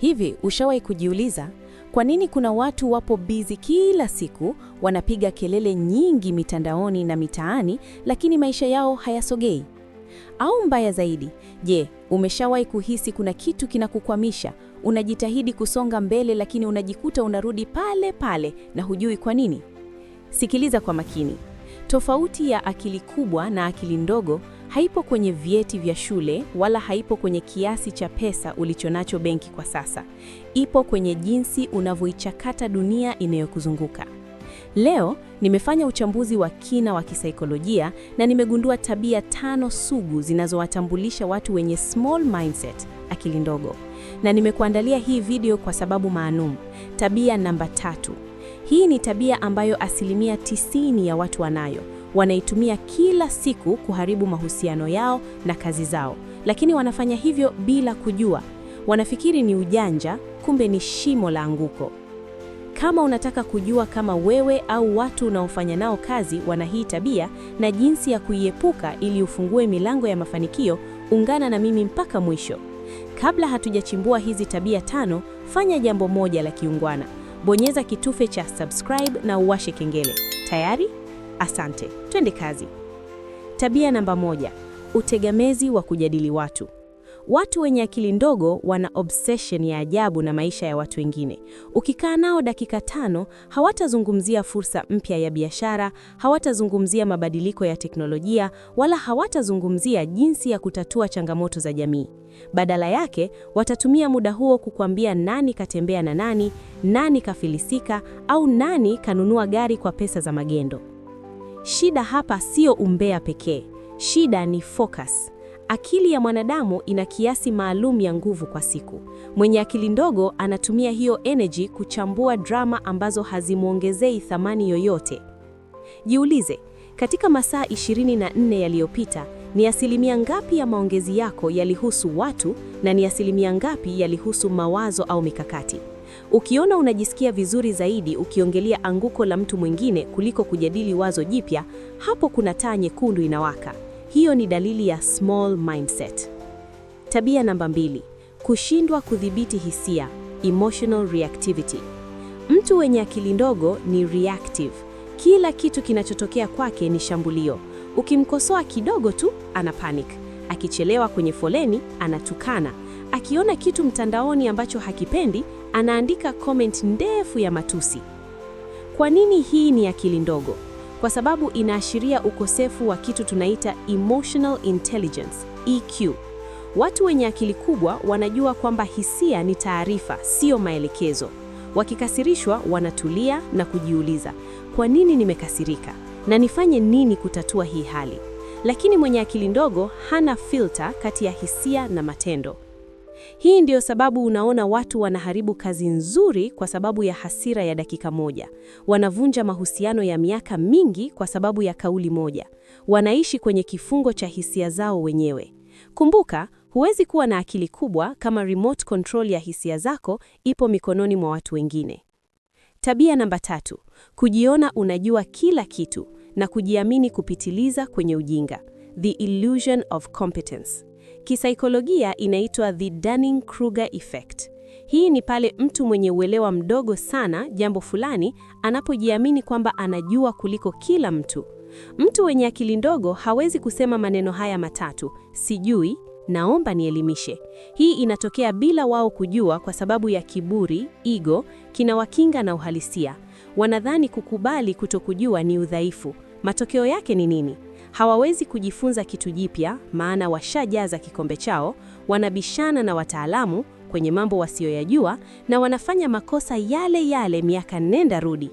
Hivi ushawahi kujiuliza kwa nini kuna watu wapo bizi kila siku, wanapiga kelele nyingi mitandaoni na mitaani, lakini maisha yao hayasogei? Au mbaya zaidi, je, umeshawahi kuhisi kuna kitu kinakukwamisha? Unajitahidi kusonga mbele, lakini unajikuta unarudi pale pale na hujui kwa nini? Sikiliza kwa makini. Tofauti ya akili kubwa na akili ndogo haipo kwenye vyeti vya shule wala haipo kwenye kiasi cha pesa ulichonacho benki kwa sasa. Ipo kwenye jinsi unavyoichakata dunia inayokuzunguka. Leo nimefanya uchambuzi wa kina wa kisaikolojia na nimegundua tabia tano sugu zinazowatambulisha watu wenye small mindset, akili ndogo, na nimekuandalia hii video kwa sababu maalum. Tabia namba tatu, hii ni tabia ambayo asilimia tisini ya watu wanayo wanaitumia kila siku kuharibu mahusiano yao na kazi zao, lakini wanafanya hivyo bila kujua. Wanafikiri ni ujanja, kumbe ni shimo la anguko. Kama unataka kujua kama wewe au watu unaofanya nao kazi wana hii tabia na jinsi ya kuiepuka ili ufungue milango ya mafanikio, ungana na mimi mpaka mwisho. Kabla hatujachimbua hizi tabia tano, fanya jambo moja la kiungwana. Bonyeza kitufe cha subscribe na uwashe kengele. Tayari? Asante, twende kazi. Tabia namba moja: utegemezi wa kujadili watu. Watu wenye akili ndogo wana obsession ya ajabu na maisha ya watu wengine. Ukikaa nao dakika tano, hawatazungumzia fursa mpya ya biashara, hawatazungumzia mabadiliko ya teknolojia, wala hawatazungumzia jinsi ya kutatua changamoto za jamii. Badala yake, watatumia muda huo kukuambia nani katembea na nani, nani kafilisika, au nani kanunua gari kwa pesa za magendo. Shida hapa sio umbea pekee, shida ni focus. Akili ya mwanadamu ina kiasi maalum ya nguvu kwa siku. Mwenye akili ndogo anatumia hiyo energy kuchambua drama ambazo hazimwongezei thamani yoyote. Jiulize, katika masaa 24 yaliyopita, ni asilimia ngapi ya maongezi yako yalihusu watu na ni asilimia ngapi yalihusu mawazo au mikakati? Ukiona unajisikia vizuri zaidi ukiongelea anguko la mtu mwingine kuliko kujadili wazo jipya, hapo kuna taa nyekundu inawaka. Hiyo ni dalili ya small mindset. Tabia namba mbili, kushindwa kudhibiti hisia, emotional reactivity. Mtu wenye akili ndogo ni reactive kila kitu kinachotokea kwake ni shambulio. Ukimkosoa kidogo tu, ana panic. Akichelewa kwenye foleni, anatukana. Akiona kitu mtandaoni ambacho hakipendi, anaandika comment ndefu ya matusi. Kwa nini hii ni akili ndogo? Kwa sababu inaashiria ukosefu wa kitu tunaita emotional intelligence, EQ. Watu wenye akili kubwa wanajua kwamba hisia ni taarifa, sio maelekezo. Wakikasirishwa wanatulia na kujiuliza, kwa nini nimekasirika na nifanye nini kutatua hii hali? Lakini mwenye akili ndogo hana filter kati ya hisia na matendo. Hii ndiyo sababu unaona watu wanaharibu kazi nzuri kwa sababu ya hasira ya dakika moja. Wanavunja mahusiano ya miaka mingi kwa sababu ya kauli moja. Wanaishi kwenye kifungo cha hisia zao wenyewe. Kumbuka, huwezi kuwa na akili kubwa kama remote control ya hisia zako ipo mikononi mwa watu wengine. Tabia namba tatu, kujiona unajua kila kitu na kujiamini kupitiliza kwenye ujinga, the illusion of competence. Kisaikolojia inaitwa the Dunning-Kruger effect. Hii ni pale mtu mwenye uelewa mdogo sana jambo fulani anapojiamini kwamba anajua kuliko kila mtu. Mtu wenye akili ndogo hawezi kusema maneno haya matatu: sijui, naomba nielimishe. Hii inatokea bila wao kujua, kwa sababu ya kiburi, ego, kinawakinga na uhalisia. Wanadhani kukubali kutokujua ni udhaifu. Matokeo yake ni nini? Hawawezi kujifunza kitu jipya, maana washajaza kikombe chao. Wanabishana na wataalamu kwenye mambo wasiyoyajua, na wanafanya makosa yale yale miaka nenda rudi.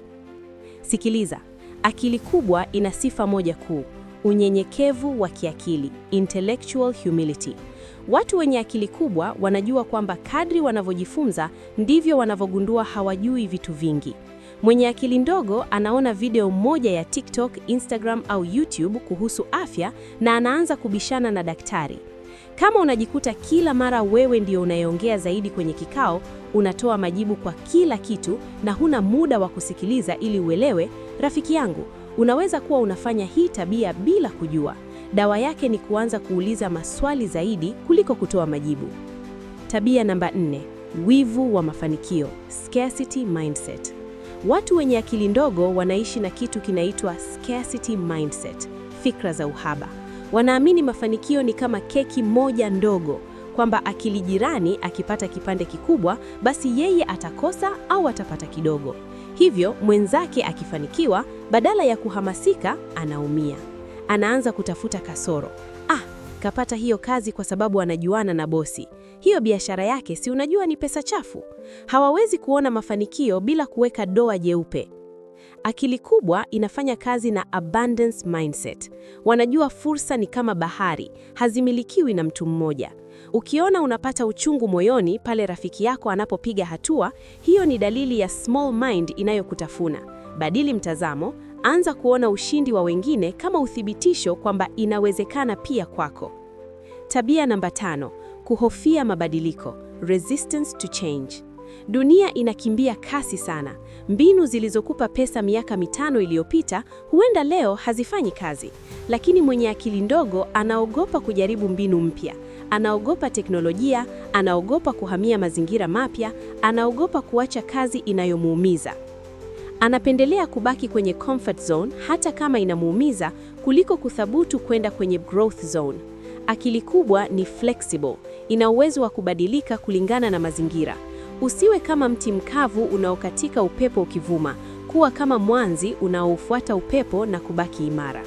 Sikiliza. Akili kubwa ina sifa moja kuu: unyenyekevu wa kiakili, intellectual humility. Watu wenye akili kubwa wanajua kwamba kadri wanavyojifunza ndivyo wanavyogundua hawajui vitu vingi. Mwenye akili ndogo anaona video moja ya TikTok, Instagram au YouTube kuhusu afya na anaanza kubishana na daktari. Kama unajikuta kila mara wewe ndio unayeongea zaidi kwenye kikao, Unatoa majibu kwa kila kitu na huna muda wa kusikiliza ili uelewe. Rafiki yangu, unaweza kuwa unafanya hii tabia bila kujua. Dawa yake ni kuanza kuuliza maswali zaidi kuliko kutoa majibu. Tabia namba nne: wivu wa mafanikio, scarcity mindset. Watu wenye akili ndogo wanaishi na kitu kinaitwa scarcity mindset, fikra za uhaba. Wanaamini mafanikio ni kama keki moja ndogo kwamba akili jirani akipata kipande kikubwa, basi yeye atakosa au atapata kidogo. Hivyo mwenzake akifanikiwa, badala ya kuhamasika, anaumia. Anaanza kutafuta kasoro. Ah, kapata hiyo kazi kwa sababu anajuana na bosi. Hiyo biashara yake si unajua ni pesa chafu. Hawawezi kuona mafanikio bila kuweka doa jeupe. Akili kubwa inafanya kazi na abundance mindset. Wanajua fursa ni kama bahari, hazimilikiwi na mtu mmoja. Ukiona unapata uchungu moyoni pale rafiki yako anapopiga hatua, hiyo ni dalili ya small mind inayokutafuna. Badili mtazamo, anza kuona ushindi wa wengine kama uthibitisho kwamba inawezekana pia kwako. Tabia namba tano: kuhofia mabadiliko, resistance to change. Dunia inakimbia kasi sana. Mbinu zilizokupa pesa miaka mitano iliyopita huenda leo hazifanyi kazi, lakini mwenye akili ndogo anaogopa kujaribu mbinu mpya, anaogopa teknolojia, anaogopa kuhamia mazingira mapya, anaogopa kuacha kazi inayomuumiza. Anapendelea kubaki kwenye comfort zone hata kama inamuumiza kuliko kuthabutu kwenda kwenye growth zone. Akili kubwa ni flexible, ina uwezo wa kubadilika kulingana na mazingira. Usiwe kama mti mkavu unaokatika upepo ukivuma, kuwa kama mwanzi unaoufuata upepo na kubaki imara.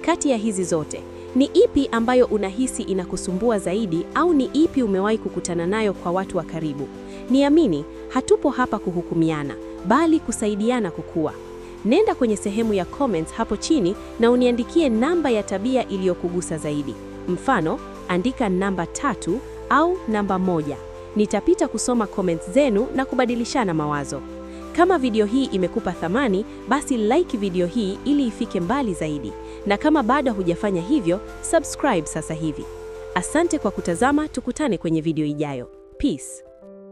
Kati ya hizi zote, ni ipi ambayo unahisi inakusumbua zaidi au ni ipi umewahi kukutana nayo kwa watu wa karibu? Niamini, hatupo hapa kuhukumiana, bali kusaidiana kukua. Nenda kwenye sehemu ya comments hapo chini na uniandikie namba ya tabia iliyokugusa zaidi. Mfano, andika namba tatu au namba moja. Nitapita kusoma comments zenu na kubadilishana mawazo. Kama video hii imekupa thamani, basi like video hii ili ifike mbali zaidi, na kama bado hujafanya hivyo, subscribe sasa hivi. Asante kwa kutazama, tukutane kwenye video ijayo. Peace.